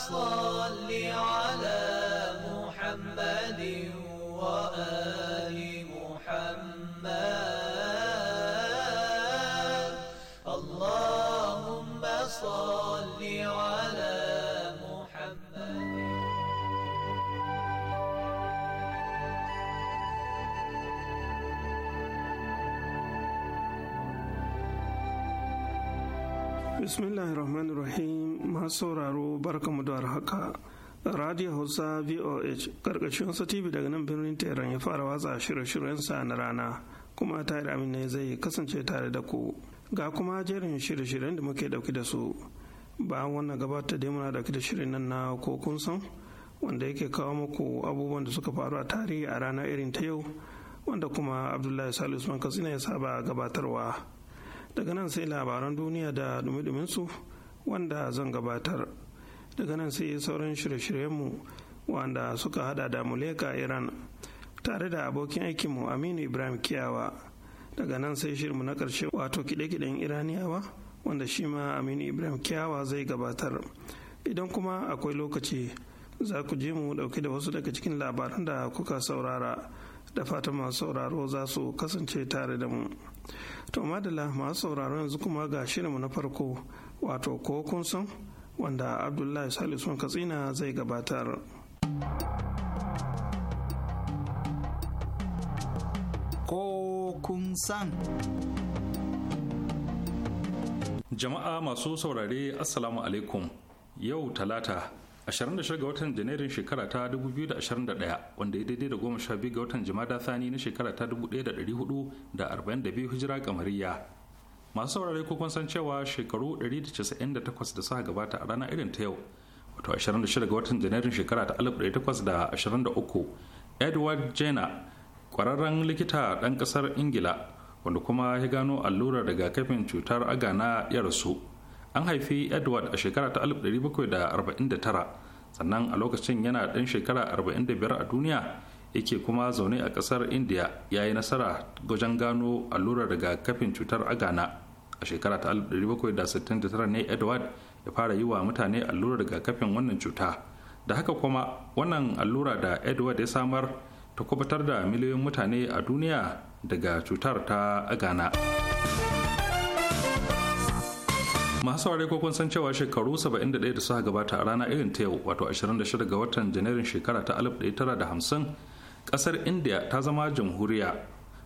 صل على محمد وآل محمد اللهم صل على محمد بسم الله الرحمن الرحيم masu sauraro barkamu da haka radio hausa voh karkashin wasu tv daga nan birnin tehran ya fara watsa shirye-shiryensa na rana kuma tare amin ne zai kasance tare da ku ga kuma jerin shirye-shiryen da muke dauki da su bayan wannan gabata dai muna dauki da shirin nan na ko kun san wanda yake kawo muku abubuwan da suka faru a tarihi a rana irin ta yau wanda kuma abdullahi salisu usman katsina ya saba gabatarwa daga nan sai labaran duniya da dumi-duminsu su wanda zan gabatar daga nan sai sauran shirye-shiryenmu wanda suka hada da muleka iran tare da abokin aikinmu aminu ibrahim kiyawa daga nan sai shirinmu na karshe wato kide-kiden iraniyawa wanda shi ma aminu ibrahim kiyawa zai gabatar idan kuma akwai lokaci za ku je mu dauke da wasu daga cikin labaran da kuka saurara da fata masu sauraro za su kasance tare da mu to madala masu sauraro yanzu kuma ga shirinmu na farko wato ko kun san wanda abdullahi salisu katsina zai gabatar ko kun san jama'a masu saurare assalamu alaikum yau talata 26 ga watan janairun shekara ta 2021 wanda ya daidai da goma sha biyu ga watan jimada sani na shekara ta 1442 hijira kamariya masu saurare ko kun san cewa shekaru 198 da suka gabata a ranar irin ta yau wato 26 ga watan janairun shekara ta 1823 edward jenner kwararren likita ɗan ƙasar ingila wanda kuma ya gano allurar rigakafin cutar aga na ya rasu an haifi edward a shekara ta 1749 sannan a lokacin yana ɗan shekara 45 a duniya yake kuma zaune a kasar india ya yi nasara wajen gano allurar rigakafin cutar agana a shekara ta 1769 ne edward ya fara yi wa mutane allurar rigakafin wannan cuta da haka kuma wannan allura da edward ya samar ta kubutar da miliyoyin mutane a duniya daga cutar ta agana masu saurari ko kun san cewa shekaru 71 da suka gabata a rana irin ta yau wato 26 ga watan janairun shekara ta 1950 kasar india ta zama jamhuriya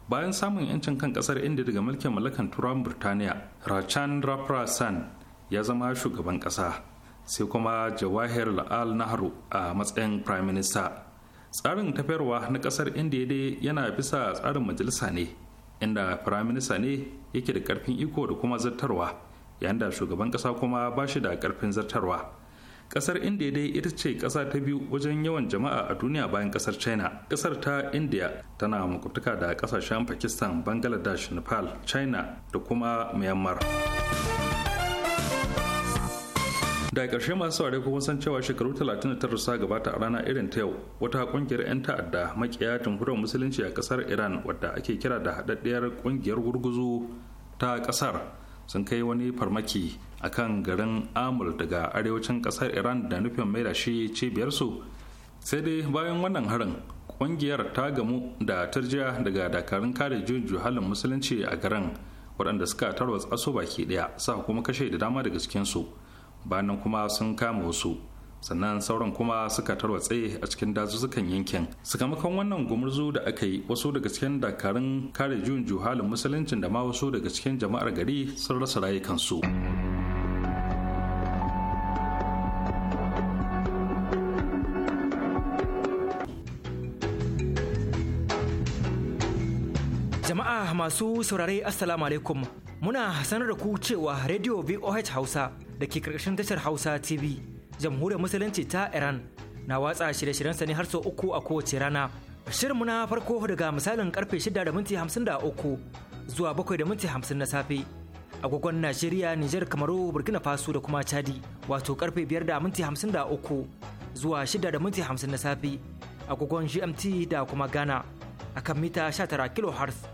bayan samun yancin kan kasar india daga mulkin mallakan turawan burtaniya rachan raprasan ya zama shugaban kasa sai kuma jawahir la'al nahru a matsayin prime minister tsarin tafiyarwa na kasar india dai yana bisa tsarin majalisa ne inda prime minister ne yake da karfin iko da kuma zartarwa yayin da shugaban kasa kuma ba shi da karfin zartarwa kasar india dai ita ce kasa ta biyu wajen yawan jama'a a duniya bayan kasar china kasar ta india tana makwabtaka da kasashen pakistan bangladesh nepal china da kuma myanmar da ƙarshe masu saurari kuma san cewa shekaru 39 sa gabata a rana irin ta yau wata kungiyar 'yan ta'adda makiya jamhuriyar musulunci a kasar iran wadda ake kira da haɗaɗɗiyar kungiyar gurguzu ta ƙasar. sun kai wani farmaki a kan garin amur daga arewacin kasar iran da nufin mai da shi cibiyarsu sai dai bayan wannan harin kungiyar ta gamu da tarjiya daga dakarun kare juju halin musulunci a garin waɗanda suka tarwatsa su baki ɗaya sa kuma kashe da dama daga cikinsu bayan kuma sun kama wasu sannan sauran kuma suka tarwatse a cikin dazuzzukan yankin sakamakon wannan gumurzu da aka yi wasu daga cikin dakarun kare juyin juhalin musuluncin da ma wasu daga cikin jama'ar gari sun rasa rayukansu jama'a masu saurare assalamu alaikum muna sanar da ku cewa radio voh hausa da ke karkashin tashar hausa tv jamhuriyar musulunci ta iran na watsa shirye-shiryensa ne har sau uku a kowace rana shirinmu na farko daga misalin karfe shida da minti hamsin da uku zuwa bakwai da minti hamsin na safe agogon najeriya nijar kamaru burkina faso da kuma chadi wato karfe biyar da minti hamsin da uku zuwa shida da minti hamsin na safe agogon gmt da kuma ghana akan mita 19 kilohertz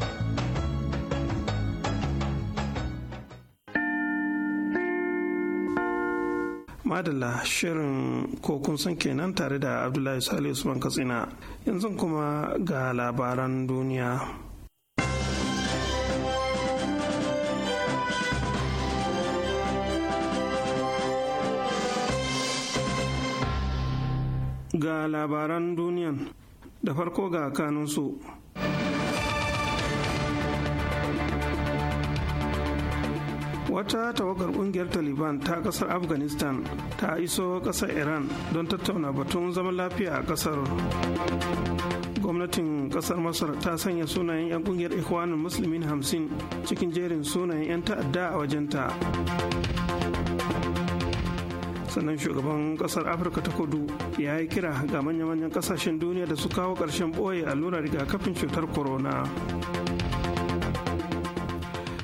madalla shirin ko kun san kenan tare da abdullahi salisu usman katsina yanzu kuma ga labaran duniya ga labaran duniyan da farko ga kanunsu wata tawagar kungiyar taliban ta kasar afghanistan ta iso kasar iran don tattauna batun zaman lafiya a kasar gwamnatin kasar masar ta sanya sunayen 'yan kungiyar ikhwanin musulmin hamsin cikin jerin sunayen 'yan ta'adda a wajenta sannan shugaban kasar afirka ta kudu ya yi kira ga manya-manyan kasashen duniya da su kawo ƙarshen ɓoye allurar rigakafin cutar corona.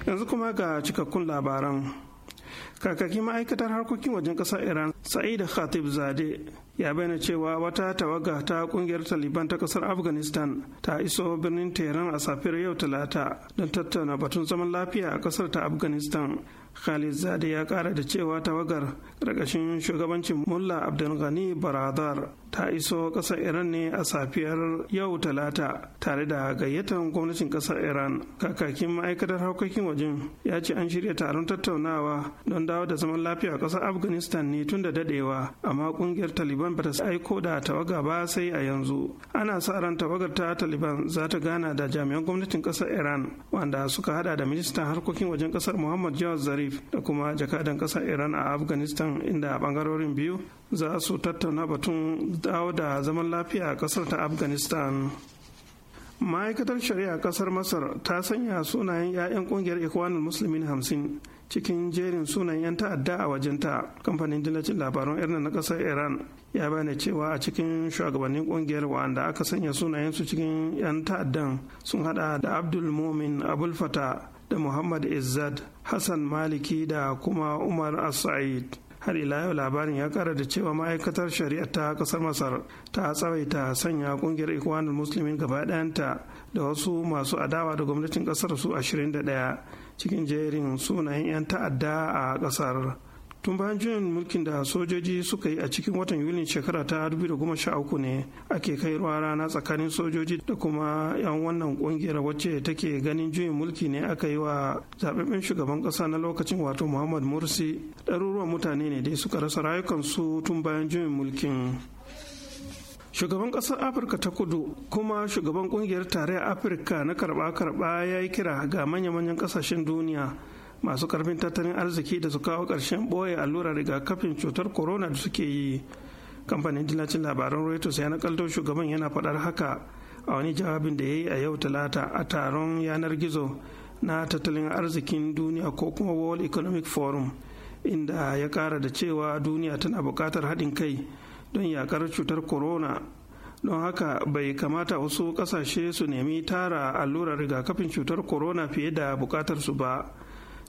yanzu kuma ga cikakkun labaran kakakin ma'aikatar harkokin wajen ƙasar iran sa'id khatib zade ya bayyana cewa wata tawaga ta kungiyar taliban ta ƙasar afghanistan ta iso birnin tehran a safiyar yau talata don tattauna batun zaman lafiya a ƙasar ta afghanistan khalid zade ya kara da cewa tawagar ƙarƙashin shugabancin mullah abdulghani baradar ta iso ƙasar iran ne a safiyar yau talata tare da gayyatar gwamnatin ƙasar iran kakakin ma'aikatar harkokin wajen ya ce an shirya taron tattaunawa don dawo da zaman lafiya a ƙasar afghanistan ne tun da dadewa amma kungiyar taliban ba bata aiko da tawaga ba sai a yanzu ana sa ran tawagar ta taliban za ta gana da jami'an gwamnatin ƙasar iran wanda suka hada da ministan harkokin wajen kasar muhammad jawad zarif da kuma jakadan ƙasar iran a afghanistan inda bangarorin biyu za su tattauna batun dawo da zaman lafiya a kasar ta afghanistan ma'aikatar shari'a kasar masar ta sanya sunayen 'ya'yan kungiyar ikwanul musulmin hamsin cikin jerin sunan 'yan ta'adda a wajenta kamfanin dillacin labaran irin na kasar iran ya bayyana cewa a cikin shugabannin kungiyar wanda aka sanya sunayen su cikin 'yan ta'addan sun hada da abdul mumin abul fata da muhammad izzad hassan maliki da kuma umar as-sa'id har ila yau labarin ya kara da cewa ma'aikatar shari'a ta kasar masar ta tsawaita sanya kungiyar ikwanul musulmin gaba ɗayanta da wasu masu adawa da gwamnatin kasar su 21 cikin jerin sunayen 'yan ta'adda a kasar tun bayan juyin mulkin da sojoji suka yi a cikin watan yulin shekara ta 2013 ne ake kai ruwa rana tsakanin sojoji da kuma 'yan wannan kungiyar wacce take ganin juyin mulki ne aka yi wa zababben shugaban ƙasa na lokacin wato muhammad morsi ɗaruruwan mutane ne dai suka rasa rayukansu tun bayan juyin mulkin shugaban ƙasar afirka ta kudu kuma shugaban kungiyar tarayyar afirka na karba-karba ya yi kira ga manya-manyan ƙasashen duniya masu karfin tattalin arziki da su kawo ƙarshen ɓoye allurar rigakafin cutar corona da suke yi kamfanin dillacin labaran reuters ya nakalto shugaban yana faɗar haka a wani jawabin da ya yi a yau talata a taron yanar gizo na tattalin arzikin duniya ko kuma world economic forum inda ya ƙara da cewa duniya tana buƙatar haɗin kai don yaƙar cutar corona don haka bai kamata wasu ƙasashe su nemi tara allurar rigakafin cutar corona fiye da buƙatar su ba.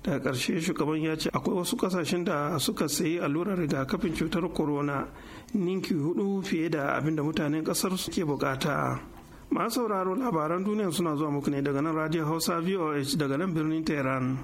daga ƙarshe shugaban ya ce akwai wasu ƙasashen da suka sayi allurar rigakafin cutar corona ninki hudu fiye da abin da mutanen ƙasar suke bukata masu sauraro labaran duniya suna zuwa muku ne daga nan radio hausa voh daga nan birnin tehran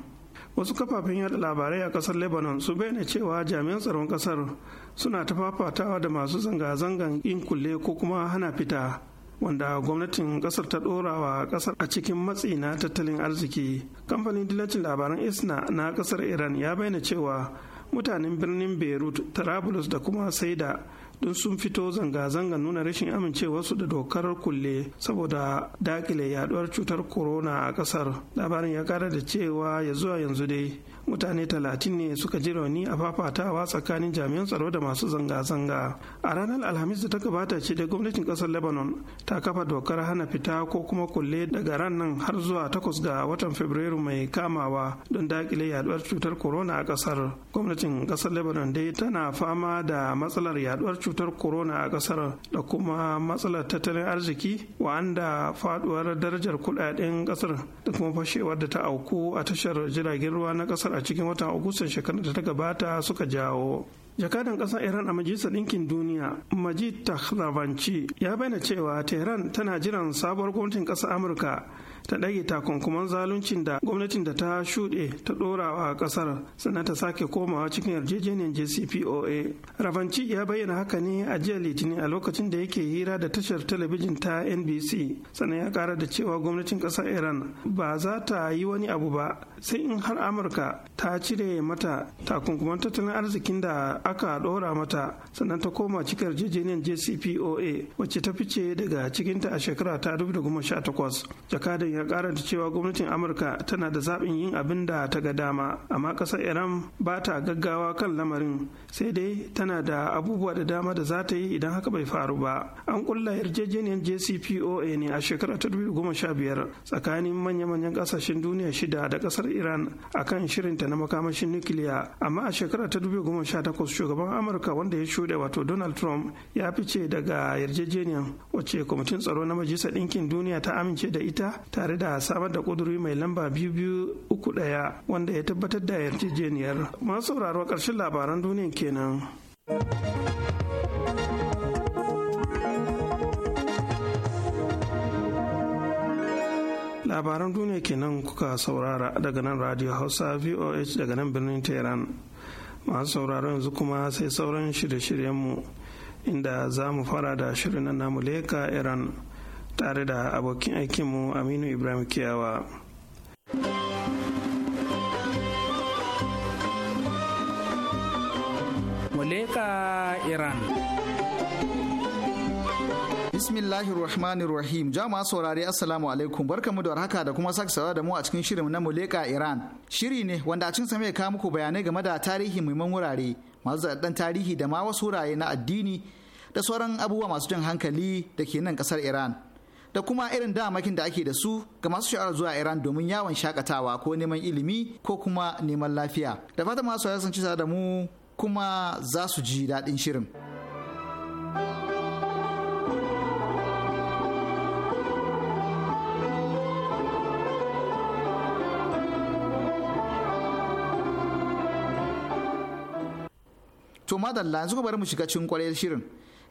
wasu kafafen yada labarai a kasar lebanon su bayyana cewa jami'an tsaron kasar suna ta fafatawa da masu zanga-zangan in kulle ko kuma hana fita wanda gwamnatin kasar ta dorawa ƙasar kasar a cikin matsi na tattalin arziki kamfanin dillacin labaran isna na kasar iran ya bayyana cewa mutanen birnin beirut tarabulus da kuma saida don sun fito zanga-zanga nuna rashin amincewarsu da dokar kulle saboda dakile yaduwar cutar corona a kasar labarin ya kara da cewa ya zuwa yanzu dai mutane talatin ne suka ji rauni a fafatawa tsakanin jami'an tsaro da masu zanga-zanga a ranar alhamis da ta gabata ce da gwamnatin kasar lebanon ta kafa dokar hana fita ko kuma kulle daga ran har zuwa takwas ga watan fabrairu mai kamawa don dakile yaduwar cutar corona a kasar gwamnatin kasar lebanon dai tana fama da matsalar yaduwar cutar corona a kasar da kuma matsalar tattalin arziki wanda faduwar darajar kudaden kasar da kuma fashewar da ta auku a tashar jiragen ruwa na kasar a cikin watan agustan shekarar da ta gabata suka jawo jakadan ƙasar iran a majalisar ɗinkin duniya majid takhlavanci ya bayyana cewa tehran tana jiran sabuwar gwamnatin ƙasar amurka ta ɗage takunkuman zaluncin da gwamnatin da ta shuɗe ta ɗora a ƙasar sannan ta sake komawa cikin yarjejeniyar jcpoa ravanci ya bayyana haka ne a jiya litinin a lokacin da yake hira da tashar talabijin ta nbc sannan ya ƙara da cewa gwamnatin ƙasar iran ba za ta yi wani abu ba sai in har amurka ta cire mata takunkuman tattalin arzikin da aka ɗora mata sannan ta koma cikin yarjejeniyar jcpoa wacce ta fice daga cikinta a shekara ta 2018 jakadan ya karanta cewa gwamnatin amurka tana da zaɓin yin abin da ta ga dama amma ƙasar iran ba ta gaggawa kan lamarin sai dai tana da abubuwa da dama da za ta yi idan haka bai faru ba an kulla yarjejeniyar jcpoa ne a shekara ta 2015 tsakanin manya-manyan ƙasashen duniya shida da ƙasar iran akan shirinta na makamashin nukiliya amma a shekara ta 2018 shugaban amurka wanda ya shuɗe wato donald trump ya fice daga yarjejeniyar wacce kwamitin tsaro na majalisar ɗinkin duniya ta amince da ita tare da samar da ƙuduri mai lamba biyu biyu uku ɗaya wanda ya tabbatar da yarjejeniyar masu sauraro ƙarshen labaran duniya kenan. labaran duniya kenan kuka saurara daga nan radio hausa voh daga nan birnin tehran masu sauraron yanzu kuma sai sauran shirye-shiryenmu inda za mu fara da shirin na muleka iran tare da abokin aikinmu aminu ibrahim kiyawa muleka iran Bismillahir Rahmanir Rahim. Jama'a saurari Assalamu alaikum. Barkamu da warhaka da kuma sake saurara da mu a cikin shirin na Muleka Iran. Shiri ne wanda a cikin sa mai kawo muku bayanai game da tarihi muhimman wurare, masu zaɗan tarihi da ma wasu wurare na addini da sauran abubuwa masu jan hankali da ke nan kasar Iran. Da kuma irin damakin da ake da su ga masu sha'awar zuwa Iran domin yawon shakatawa ko neman ilimi ko kuma neman lafiya. Da fatan masu sun ci da mu kuma za su ji daɗin shirin. to madalla yanzu ka bari mu shiga cikin kwarar shirin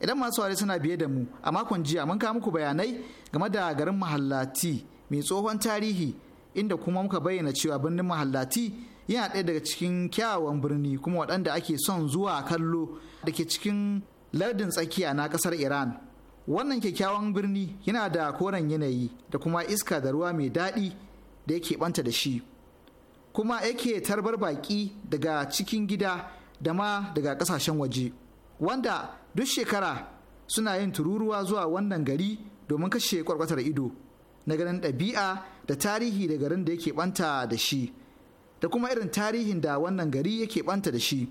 idan masu ware suna biye da mu a makon jiya mun kawo muku bayanai game da garin mahallati mai tsohon tarihi inda kuma muka bayyana cewa birnin mahallati yana ɗaya daga cikin kyawawan birni kuma waɗanda ake son zuwa kallo da ke cikin lardin tsakiya na ƙasar iran wannan kyakkyawan birni yana da koren yanayi da kuma iska da ruwa mai daɗi da yake ɓanta da shi kuma yake tarbar baƙi daga cikin gida da ma daga kasashen waje wanda duk shekara suna yin tururuwa zuwa wannan gari domin kashe kwarkwatar ido na ganin ɗabi'a da tarihi da garin da yake banta da shi da kuma irin tarihin da wannan gari yake ɓanta da shi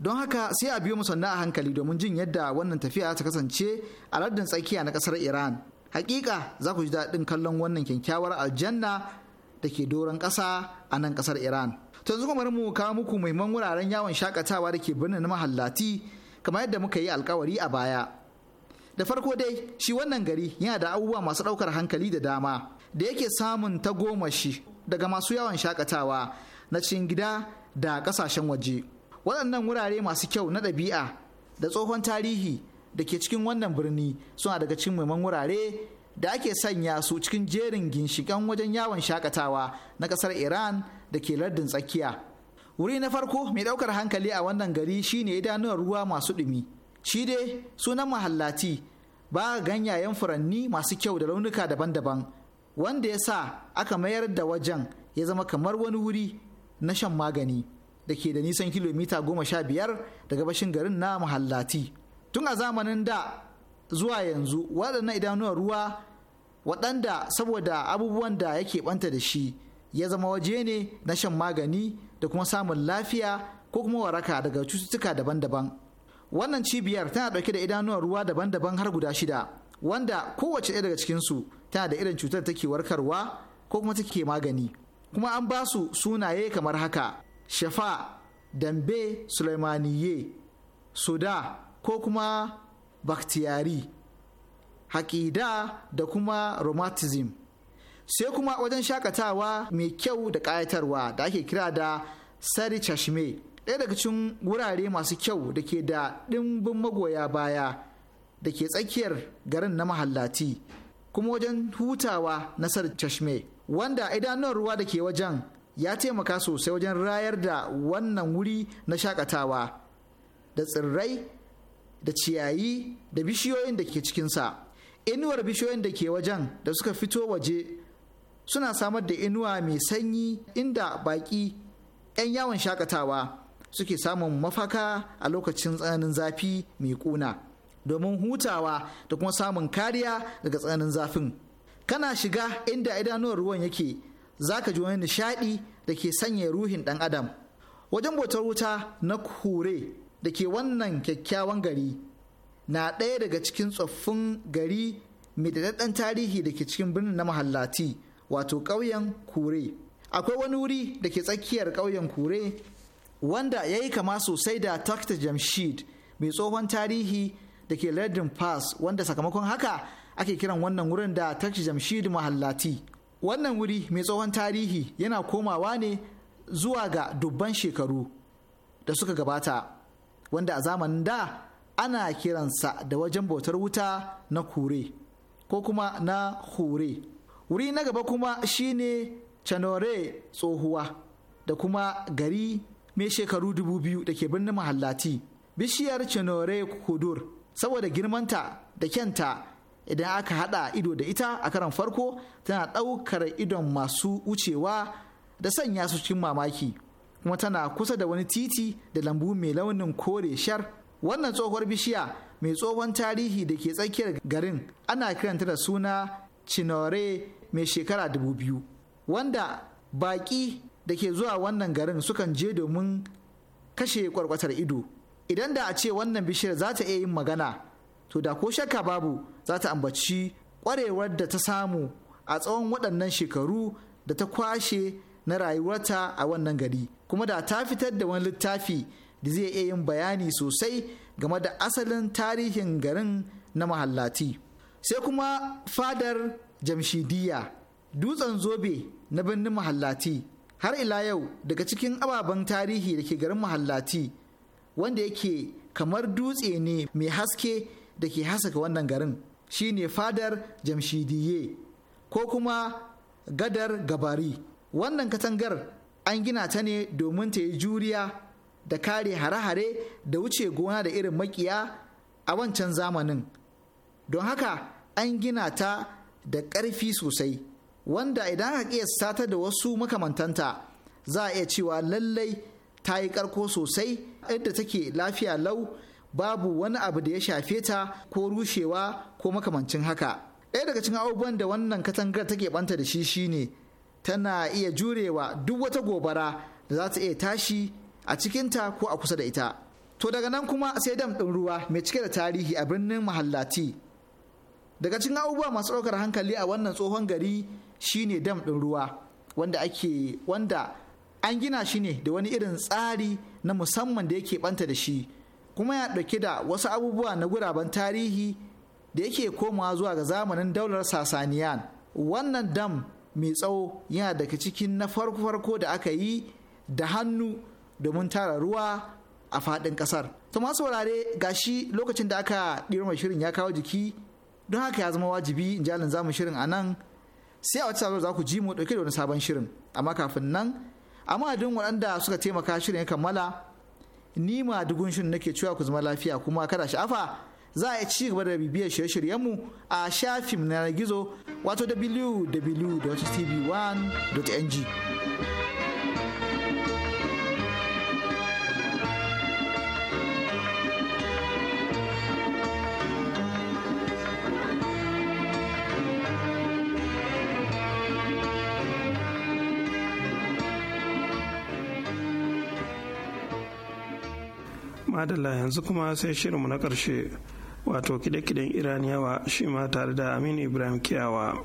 don haka sai a biyo musanna a hankali domin jin yadda wannan tafiya ta kasance a lardin tsakiya na ƙasar iran hakika za ku ji daɗin kallon wannan kyakkyawar aljanna da ke doron ƙasa a nan ƙasar iran To yanzu kuma mu kawo muku maiman wuraren yawon shakatawa da ke birnin mahallati kamar yadda muka yi alkawari a baya. Da farko dai shi wannan gari yana da abubuwa masu ɗaukar hankali da dama da yake samun ta goma tagomashi daga masu yawon shakatawa na cikin gida da ƙasashen waje. Waɗannan wurare masu kyau na ɗabi'a da tsohon tarihi da ke cikin wannan birni suna daga cikin maiman wurare da ake sanya su cikin jerin ginshikan wajen yawon shakatawa na kasar iran da ke lardin tsakiya wuri na farko mai ɗaukar hankali a wannan gari shine idanuwar ruwa masu ɗumi shi dai sunan mahallati ba ganyayen furanni masu kyau da launuka daban-daban wanda ya sa aka mayar da wajen ya zama kamar wani wuri na shan magani da ke da nisan kilomita goma sha biyar daga bashin garin na mahallati tun a zamanin da zuwa yanzu waɗannan idanuwar ruwa waɗanda saboda abubuwan da yake ɓanta da shi ya zama waje ne na shan magani da kuma samun lafiya ko kuma waraka daga cututtuka daban-daban wannan cibiyar tana ɗauke da idanuwan ruwa daban-daban har guda shida wanda kowace ɗaya daga cikinsu tana da irin cutar take warkarwa ko kuma take magani kuma an ba su sunaye kamar haka shafa dambe sulaimaniye suda ko kuma baktiyari haƙida da kuma romanticism sai kuma wajen shakatawa mai kyau da ƙayatarwa da ake kira da sari chashme ɗaya daga cikin wurare masu kyau da ke da ɗimbin magoya baya da ke tsakiyar garin na mahallati kuma wajen hutawa na sari chashme wanda idanun ruwa da ke wajen ya taimaka sosai wajen rayar da wannan wuri na shakatawa da tsirrai da ciyayi da bishiyoyin da ke cikinsa inuwar bishiyoyin da ke wajen da suka fito waje suna samar da inuwa mai sanyi inda baƙi 'yan yawon shakatawa suke samun mafaka a lokacin tsananin zafi mai kuna domin hutawa da kuma samun kariya daga tsananin zafin kana shiga inda idanuwar ruwan yake za ka ji wani nishaɗi da ke sanya ruhin ɗan adam wajen bautar wuta na kure da ke wannan kyakkyawan gari na ɗaya daga cikin tsoffin gari mai daɗaɗɗen tarihi da ke cikin birnin na mahallati wato ƙauyen kure akwai wani wuri da ke tsakiyar ƙauyen kure wanda ya yi kama sosai da takta jamshid mai tsohon tarihi da ke lardin pass wanda sakamakon haka ake kiran wannan wurin da takta jamshid mahallati wannan wuri mai tsohon tarihi yana komawa ne zuwa ga dubban shekaru da suka gabata wanda a zamanin da ana kiransa da wajen bautar wuta na kure ko kuma na hure wuri na gaba kuma shine canore tsohuwa da kuma gari mai shekaru dubu biyu da ke birnin mahallati bishiyar canore kudur saboda girmanta da kyanta idan aka hada ido da ita a karan farko tana daukar idon masu wucewa da sanya su cikin mamaki kuma tana kusa da wani titi da lambu mai launin kore shar wannan tsohuwar bishiya mai tsohon tarihi da ke tsakiyar garin ana kiranta da suna cinore mai shekara dubu biyu wanda baƙi da ke zuwa wannan garin sukan je domin kashe kwarkwatar ido idan da a ce wannan bishiyar za ta iya yin magana to da ko shakka babu za ta ambaci ƙwarewar da ta samu a tsawon waɗannan shekaru da ta kwashe na rayuwarta a wannan gari kuma da ta fitar da wani littafi da zai iya yin bayani sosai game da asalin tarihin garin na mahallati sai kuma fadar jamshidiya dutsen zobe na birnin mahallati har ila yau daga cikin ababen tarihi da ke garin mahallati wanda yake kamar dutse ne mai haske da ke hasaka wannan garin shine fadar jamshidiye ko kuma gadar gabari wannan katangar an gina ta ne domin ta yi juriya da kare hare-hare da wuce gona da irin makiya a wancan zamanin don haka an gina ta da ƙarfi sosai wanda idan aka iya ta da wasu makamantanta za a iya cewa lallai ta yi ƙarko sosai yadda take lafiya lau babu wani abu da ya shafe ta ko rushewa ko makamancin haka ɗaya daga cikin abubuwan da wannan katangar take ɓanta da shi shine tana iya jurewa duk wata gobara da za ta iya tashi a cikinta ko a kusa da ita to daga nan kuma sai dam ɗin ruwa mai cike da tarihi a birnin mahallati daga cikin abubuwa masu ɗaukar hankali a wannan tsohon gari shine dam ɗin ruwa wanda ake wanda an gina shi ne da wani irin tsari na musamman da yake banta da shi kuma ya ɗauke da wasu abubuwa na guraben tarihi da yake komawa zuwa ga zamanin daular sasaniyan wannan dam mai tsawo yana daga cikin na farko-farko da aka yi da hannu domin tara ruwa a faɗin ƙasar. To masu wurare gashi lokacin da aka ɗirma shirin ya kawo jiki don haka ya zama wajibi in jalin zamu shirin a nan sai a wata sabuwar za ku ji mu ɗauke da wani sabon shirin amma kafin nan a madadin waɗanda suka taimaka shirin ya kammala ni ma dugun shirin nake cewa ku zama lafiya kuma kada sha'afa za a iya ci gaba da bibiyar shirye mu a shafin na gizo wato www.tv1.ng madalla yanzu kuma sai shirinmu na ƙarshe wato kide-kiden iraniyawa shi ma tare da aminu ibrahim kiyawa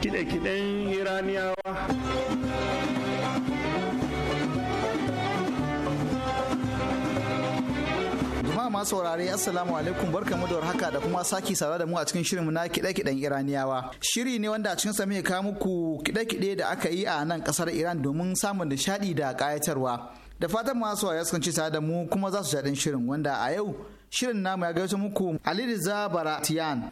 kide-kiden iraniyawa ma saurare assalamu alaikum mu da warhaka da kuma saki saura da mu a cikin shirin na kiɗe-kiɗen iraniyawa shiri ne wanda a cikin sa muke kawo muku kiɗe-kiɗe da aka yi a nan kasar iran domin samun nishaɗi da kayatarwa da fatan masu saurare sun ci tare da mu kuma za su jaɗin shirin wanda a yau shirin namu ya gaisa muku ali baratiyan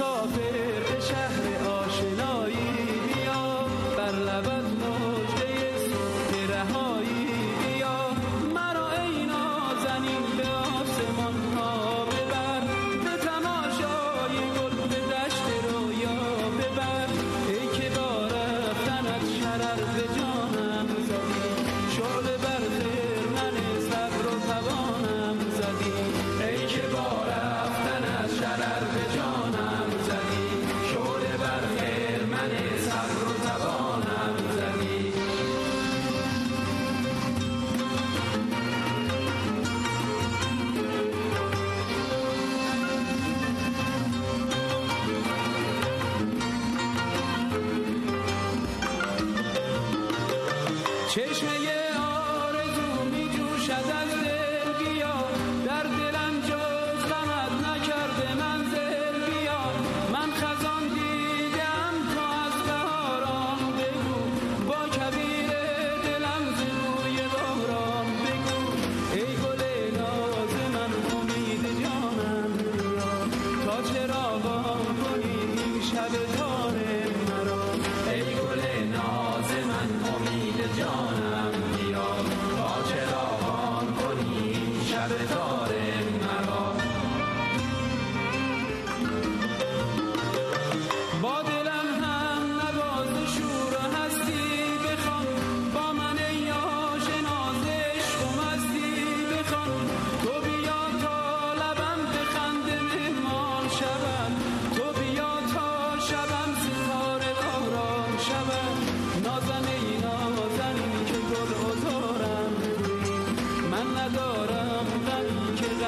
of it.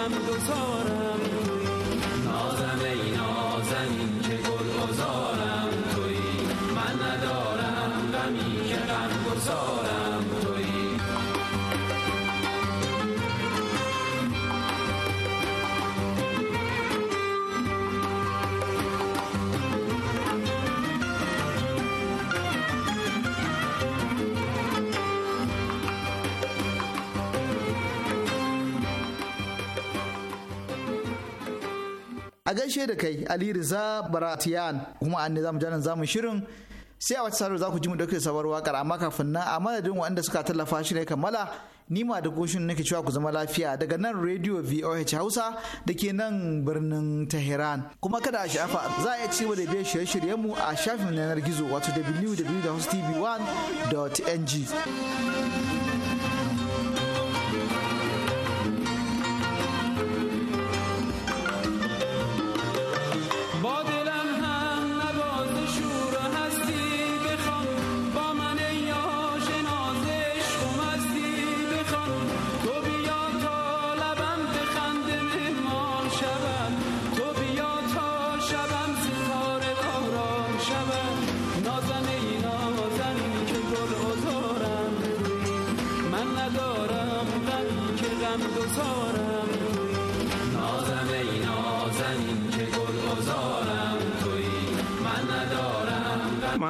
دلم دوتا gaishe da kai Ali Riza Baratiyan kuma an ne zamu janan zamu shirin sai a wata sarar za ku ji mu dauke sabar wakar amma kafin nan a madadin waɗanda suka tallafa shi ne kammala ni ma da goshin nake cewa ku zama lafiya daga nan radio voh hausa da ke nan birnin tehran kuma kada a sha'afa za a iya ci da biyan shirye-shiryen mu a shafin yanar gizo wato www.tv1.ng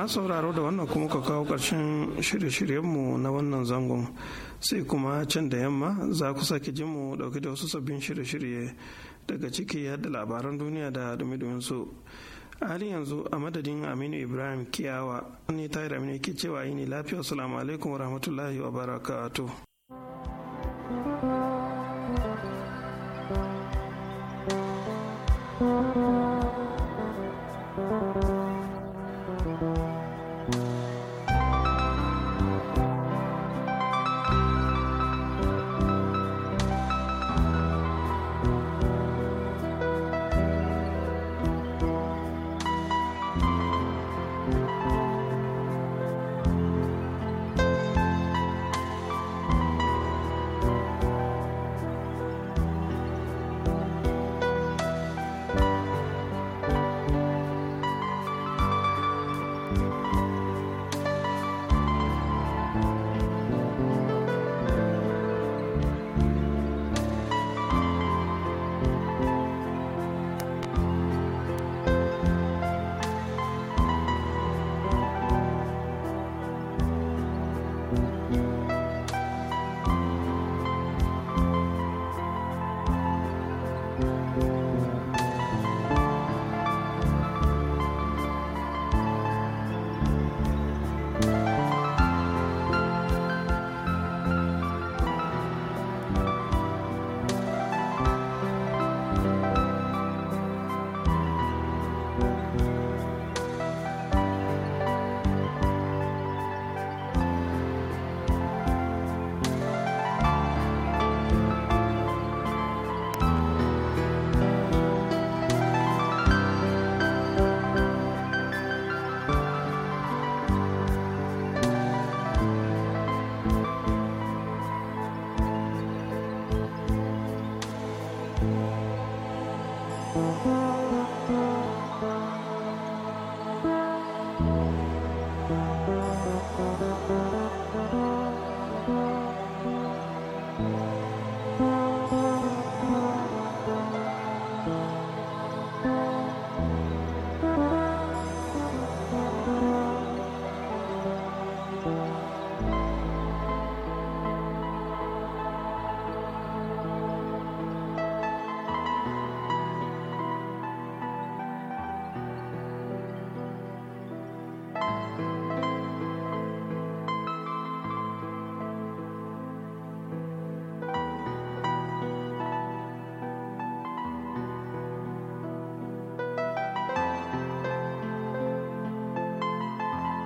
masu sauraro da wannan kuma ka kawo ƙarshen shirye-shiryenmu na wannan zangon sai kuma can da yamma za ku sake jin mu dauke da wasu sabbin shirye-shirye daga ciki da labaran duniya da dumi su a halin yanzu a madadin aminu ibrahim kiyawa ni tayar aminu ke cewa yi ne lafiya salamu alaikum wa rahmatullahi wa barakatuh